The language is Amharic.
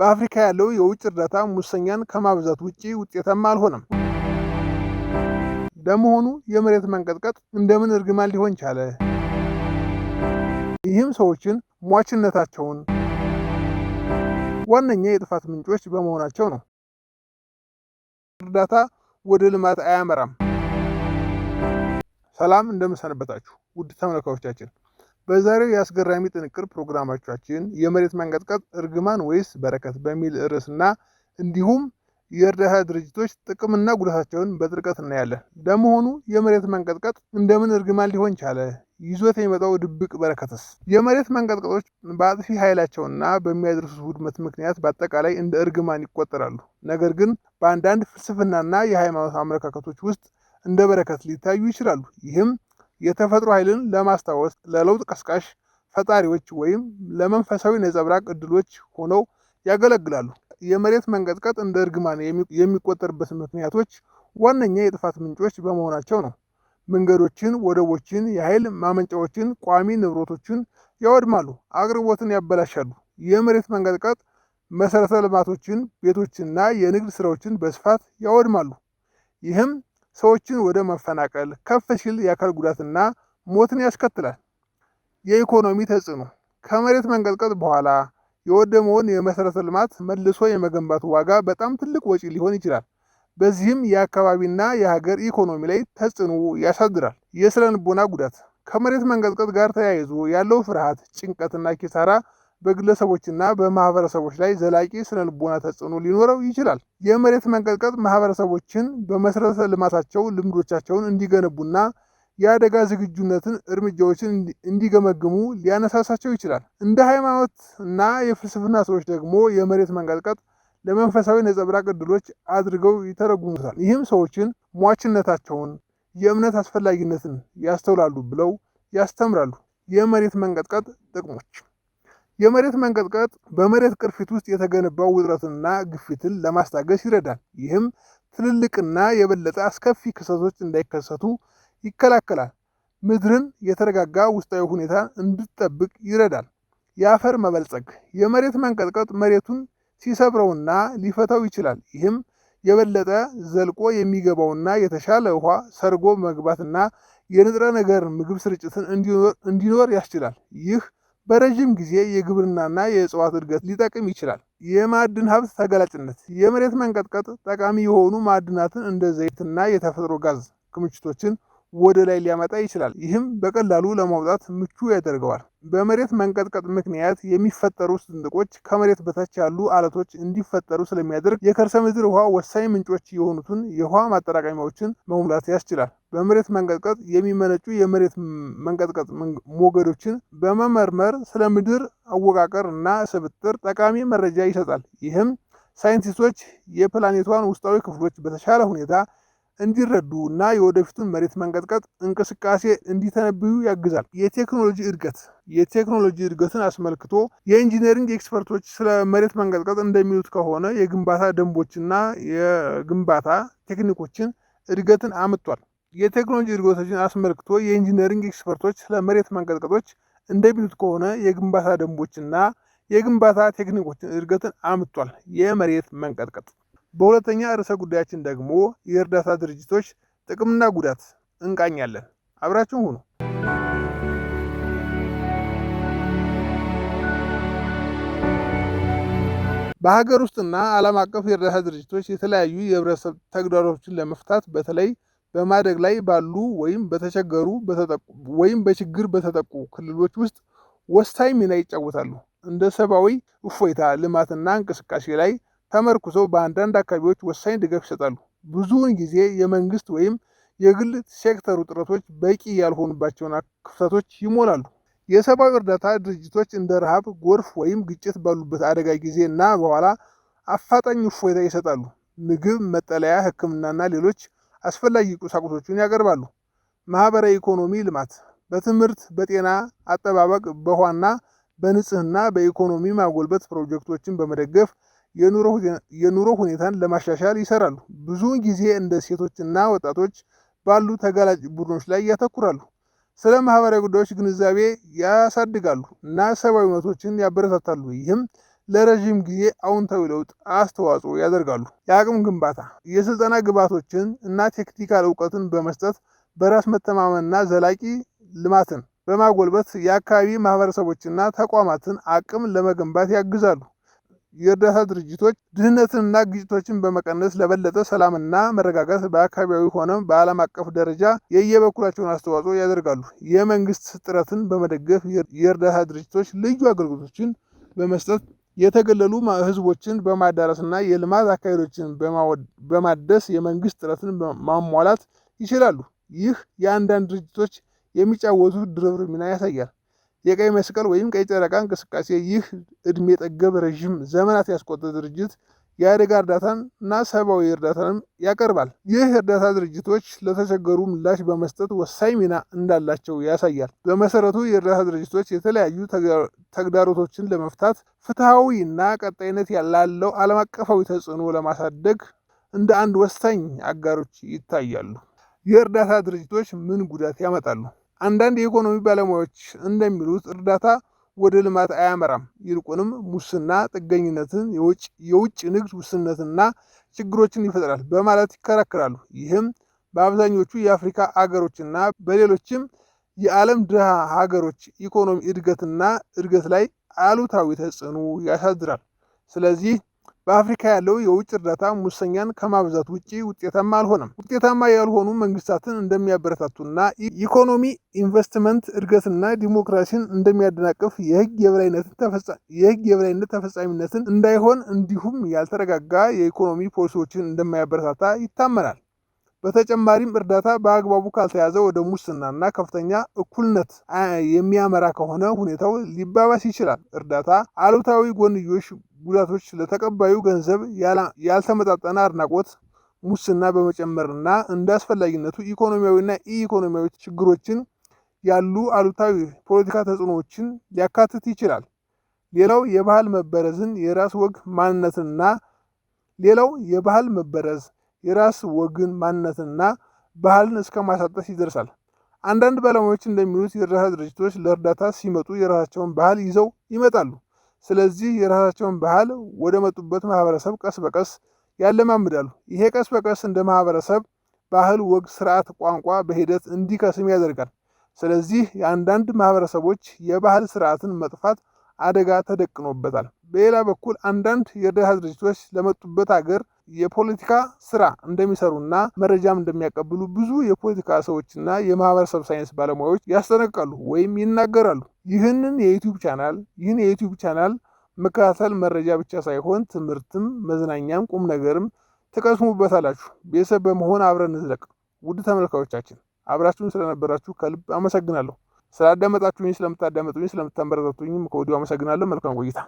በአፍሪካ ያለው የውጭ እርዳታ ሙሰኛን ከማብዛት ውጪ ውጤታማ አልሆነም። ለመሆኑ የመሬት መንቀጥቀጥ እንደምን እርግማን ሊሆን ቻለ? ይህም ሰዎችን ሟችነታቸውን ዋነኛ የጥፋት ምንጮች በመሆናቸው ነው። እርዳታ ወደ ልማት አያመራም። ሰላም እንደምሰነበታችሁ ውድ ተመለካዮቻችን በዛሬው የአስገራሚ ጥንቅር ፕሮግራማቻችን የመሬት መንቀጥቀጥ እርግማን ወይስ በረከት በሚል ርዕስና እንዲሁም የእርዳታ ድርጅቶች ጥቅምና ጉዳታቸውን በጥልቀት እናያለን። ለመሆኑ የመሬት መንቀጥቀጥ እንደምን እርግማን ሊሆን ቻለ? ይዞት የመጣው ድብቅ በረከትስ? የመሬት መንቀጥቀጦች በአጥፊ ኃይላቸውና በሚያደርሱት ውድመት ምክንያት በአጠቃላይ እንደ እርግማን ይቆጠራሉ። ነገር ግን በአንዳንድ ፍልስፍናና የሃይማኖት አመለካከቶች ውስጥ እንደ በረከት ሊታዩ ይችላሉ። ይህም የተፈጥሮ ኃይልን ለማስታወስ ለለውጥ ቀስቃሽ ፈጣሪዎች ወይም ለመንፈሳዊ ነጸብራቅ እድሎች ሆነው ያገለግላሉ። የመሬት መንቀጥቀጥ እንደ እርግማን የሚቆጠርበት ምክንያቶች ዋነኛ የጥፋት ምንጮች በመሆናቸው ነው። መንገዶችን፣ ወደቦችን፣ የኃይል ማመንጫዎችን፣ ቋሚ ንብረቶችን ያወድማሉ፣ አቅርቦትን ያበላሻሉ። የመሬት መንቀጥቀጥ መሰረተ ልማቶችን፣ ቤቶችንና የንግድ ሥራዎችን በስፋት ያወድማሉ። ይህም ሰዎችን ወደ መፈናቀል ከፍ ሲል የአካል ጉዳትና ሞትን ያስከትላል። የኢኮኖሚ ተጽዕኖ ከመሬት መንቀጥቀጥ በኋላ የወደመውን የመሰረተ ልማት መልሶ የመገንባት ዋጋ በጣም ትልቅ ወጪ ሊሆን ይችላል። በዚህም የአካባቢና የሀገር ኢኮኖሚ ላይ ተጽዕኖ ያሳድራል። የስነ ልቦና ጉዳት ከመሬት መንቀጥቀጥ ጋር ተያይዞ ያለው ፍርሃት፣ ጭንቀትና ኪሳራ በግለሰቦችና በማህበረሰቦች ላይ ዘላቂ ስነልቦና ተጽዕኖ ሊኖረው ይችላል። የመሬት መንቀጥቀጥ ማህበረሰቦችን በመሰረተ ልማታቸው ልምዶቻቸውን እንዲገነቡና የአደጋ ዝግጁነትን እርምጃዎችን እንዲገመግሙ ሊያነሳሳቸው ይችላል። እንደ ሃይማኖት እና የፍልስፍና ሰዎች ደግሞ የመሬት መንቀጥቀጥ ለመንፈሳዊ ነጸብራቅ እድሎች አድርገው ይተረጉሙታል። ይህም ሰዎችን ሟችነታቸውን፣ የእምነት አስፈላጊነትን ያስተውላሉ ብለው ያስተምራሉ። የመሬት መንቀጥቀጥ ጥቅሞች የመሬት መንቀጥቀጥ በመሬት ቅርፊት ውስጥ የተገነባው ውጥረትንና ግፊትን ለማስታገስ ይረዳል። ይህም ትልልቅና የበለጠ አስከፊ ክስተቶች እንዳይከሰቱ ይከላከላል። ምድርን የተረጋጋ ውስጣዊ ሁኔታ እንድትጠብቅ ይረዳል። የአፈር መበልጸግ የመሬት መንቀጥቀጥ መሬቱን ሲሰብረውና ሊፈታው ይችላል። ይህም የበለጠ ዘልቆ የሚገባውና የተሻለ ውሃ ሰርጎ መግባትና የንጥረ ነገር ምግብ ስርጭትን እንዲኖር ያስችላል። ይህ በረዥም ጊዜ የግብርናና የእጽዋት እድገት ሊጠቅም ይችላል። የማዕድን ሀብት ተገላጭነት የመሬት መንቀጥቀጥ ጠቃሚ የሆኑ ማዕድናትን እንደ ዘይትና የተፈጥሮ ጋዝ ክምችቶችን ወደ ላይ ሊያመጣ ይችላል። ይህም በቀላሉ ለማውጣት ምቹ ያደርገዋል። በመሬት መንቀጥቀጥ ምክንያት የሚፈጠሩ ስንጥቆች ከመሬት በታች ያሉ አለቶች እንዲፈጠሩ ስለሚያደርግ የከርሰ ምድር ውሃ ወሳኝ ምንጮች የሆኑትን የውሃ ማጠራቀሚያዎችን መሙላት ያስችላል። በመሬት መንቀጥቀጥ የሚመነጩ የመሬት መንቀጥቀጥ ሞገዶችን በመመርመር ስለ ምድር አወቃቀር እና ስብጥር ጠቃሚ መረጃ ይሰጣል። ይህም ሳይንቲስቶች የፕላኔቷን ውስጣዊ ክፍሎች በተሻለ ሁኔታ እንዲረዱ እና የወደፊቱን መሬት መንቀጥቀጥ እንቅስቃሴ እንዲተነብዩ ያግዛል። የቴክኖሎጂ እድገት የቴክኖሎጂ እድገትን አስመልክቶ የኢንጂነሪንግ ኤክስፐርቶች ስለ መሬት መንቀጥቀጥ እንደሚሉት ከሆነ የግንባታ ደንቦችና የግንባታ ቴክኒኮችን እድገትን አምጥቷል። የቴክኖሎጂ እድገቶችን አስመልክቶ የኢንጂነሪንግ ኤክስፐርቶች ስለ መሬት መንቀጥቀጦች እንደሚሉት ከሆነ የግንባታ ደንቦችና የግንባታ ቴክኒኮችን እድገትን አምጥቷል። የመሬት መንቀጥቀጥ በሁለተኛ ርዕሰ ጉዳያችን ደግሞ የእርዳታ ድርጅቶች ጥቅምና ጉዳት እንቃኛለን። አብራችሁን ሁኑ። በሀገር ውስጥና ዓለም አቀፍ የእርዳታ ድርጅቶች የተለያዩ የህብረተሰብ ተግዳሮቶችን ለመፍታት በተለይ በማደግ ላይ ባሉ ወይም በተቸገሩ ወይም በችግር በተጠቁ ክልሎች ውስጥ ወሳኝ ሚና ይጫወታሉ። እንደ ሰብአዊ እፎይታ ልማትና እንቅስቃሴ ላይ ተመርኩዘው በአንዳንድ አካባቢዎች ወሳኝ ድጋፍ ይሰጣሉ። ብዙውን ጊዜ የመንግስት ወይም የግል ሴክተሩ ጥረቶች በቂ ያልሆኑባቸውን ክፍተቶች ይሞላሉ። የሰብአዊ እርዳታ ድርጅቶች እንደ ረሃብ፣ ጎርፍ ወይም ግጭት ባሉበት አደጋ ጊዜ እና በኋላ አፋጣኝ እፎይታ ይሰጣሉ። ምግብ፣ መጠለያ፣ ሕክምናና ሌሎች አስፈላጊ ቁሳቁሶችን ያቀርባሉ። ማህበራዊ ኢኮኖሚ ልማት በትምህርት፣ በጤና አጠባበቅ፣ በውሃና በንጽህና በኢኮኖሚ ማጎልበት ፕሮጀክቶችን በመደገፍ የኑሮ ሁኔታን ለማሻሻል ይሰራሉ። ብዙውን ጊዜ እንደ ሴቶችና ወጣቶች ባሉ ተጋላጭ ቡድኖች ላይ ያተኩራሉ። ስለ ማህበራዊ ጉዳዮች ግንዛቤ ያሳድጋሉ እና ሰብአዊ መብቶችን ያበረታታሉ። ይህም ለረዥም ጊዜ አውንታዊ ለውጥ አስተዋጽኦ ያደርጋሉ። የአቅም ግንባታ የስልጠና ግብዓቶችን እና ቴክኒካል እውቀትን በመስጠት በራስ መተማመንና ዘላቂ ልማትን በማጎልበት የአካባቢ ማህበረሰቦችና ተቋማትን አቅም ለመገንባት ያግዛሉ። የእርዳታ ድርጅቶች ድህነትንና ግጭቶችን በመቀነስ ለበለጠ ሰላምና መረጋጋት በአካባቢያዊ ሆነ በዓለም አቀፍ ደረጃ የየበኩላቸውን አስተዋጽኦ ያደርጋሉ። የመንግስት ጥረትን በመደገፍ የእርዳታ ድርጅቶች ልዩ አገልግሎቶችን በመስጠት የተገለሉ ህዝቦችን በማዳረስና የልማት አካሄዶችን በማደስ የመንግስት ጥረትን ማሟላት ይችላሉ። ይህ የአንዳንድ ድርጅቶች የሚጫወቱት ድርብር ሚና ያሳያል። የቀይ መስቀል ወይም ቀይ ጨረቃ እንቅስቃሴ ይህ እድሜ ጠገብ ረዥም ዘመናት ያስቆጠረ ድርጅት የአደጋ እርዳታን እና ሰብአዊ እርዳታንም ያቀርባል። ይህ እርዳታ ድርጅቶች ለተቸገሩ ምላሽ በመስጠት ወሳኝ ሚና እንዳላቸው ያሳያል። በመሰረቱ የእርዳታ ድርጅቶች የተለያዩ ተግዳሮቶችን ለመፍታት ፍትሐዊ እና ቀጣይነት ያላለው ዓለም አቀፋዊ ተጽዕኖ ለማሳደግ እንደ አንድ ወሳኝ አጋሮች ይታያሉ። የእርዳታ ድርጅቶች ምን ጉዳት ያመጣሉ? አንዳንድ የኢኮኖሚ ባለሙያዎች እንደሚሉት እርዳታ ወደ ልማት አያመራም፣ ይልቁንም ሙስና፣ ጥገኝነትን፣ የውጭ ንግድ ውስንነትና ችግሮችን ይፈጥራል በማለት ይከራከራሉ። ይህም በአብዛኞቹ የአፍሪካ አገሮችና በሌሎችም የዓለም ድሃ ሀገሮች ኢኮኖሚ እድገትና እድገት ላይ አሉታዊ ተጽዕኖ ያሳድራል። ስለዚህ በአፍሪካ ያለው የውጭ እርዳታ ሙሰኛን ከማብዛት ውጭ ውጤታማ አልሆነም። ውጤታማ ያልሆኑ መንግስታትን እንደሚያበረታቱና ኢኮኖሚ፣ ኢንቨስትመንት፣ እድገትና ዲሞክራሲን እንደሚያደናቅፍ የህግ የበላይነት ተፈጻሚነትን እንዳይሆን እንዲሁም ያልተረጋጋ የኢኮኖሚ ፖሊሲዎችን እንደማያበረታታ ይታመናል። በተጨማሪም እርዳታ በአግባቡ ካልተያዘ ወደ ሙስናና ከፍተኛ እኩልነት የሚያመራ ከሆነ ሁኔታው ሊባባስ ይችላል። እርዳታ አሉታዊ ጎንዮሽ ጉዳቶች ለተቀባዩ ገንዘብ ያልተመጣጠነ አድናቆት፣ ሙስና በመጨመርና እንደ አስፈላጊነቱ ኢኮኖሚያዊና ኢ ኢኮኖሚያዊ ችግሮችን ያሉ አሉታዊ ፖለቲካ ተጽዕኖዎችን ሊያካትት ይችላል። ሌላው የባህል መበረዝን የራስ ወግ ማንነትና ሌላው የባህል መበረዝ የራስ ወግን ማንነትና ባህልን እስከ ማሳጠፍ ይደርሳል። አንዳንድ ባለሙያዎች እንደሚሉት የእርዳታ ድርጅቶች ለእርዳታ ሲመጡ የራሳቸውን ባህል ይዘው ይመጣሉ። ስለዚህ የራሳቸውን ባህል ወደ መጡበት ማህበረሰብ ቀስ በቀስ ያለማምዳሉ። ይሄ ቀስ በቀስ እንደ ማህበረሰብ ባህል፣ ወግ፣ ስርዓት፣ ቋንቋ በሂደት እንዲከስም ያደርጋል። ስለዚህ የአንዳንድ ማህበረሰቦች የባህል ስርዓትን መጥፋት አደጋ ተደቅኖበታል። በሌላ በኩል አንዳንድ የእርዳታ ድርጅቶች ለመጡበት አገር የፖለቲካ ስራ እንደሚሰሩና መረጃም እንደሚያቀብሉ ብዙ የፖለቲካ ሰዎችና የማህበረሰብ ሳይንስ ባለሙያዎች ያስጠነቅቃሉ ወይም ይናገራሉ። ይህንን የዩቲዩብ ቻናል ይህን የዩቲዩብ ቻናል መከታተል መረጃ ብቻ ሳይሆን ትምህርትም፣ መዝናኛም ቁም ነገርም ትቀስሙበታላችሁ። ቤተሰብ በመሆን አብረን እንዝለቅ። ውድ ተመልካዮቻችን አብራችሁን ስለነበራችሁ ከልብ አመሰግናለሁ። ስላዳመጣችሁኝ፣ ስለምታዳመጡኝ፣ ስለምታበረታቱኝም ከወዲሁ አመሰግናለሁ። መልካም ቆይታ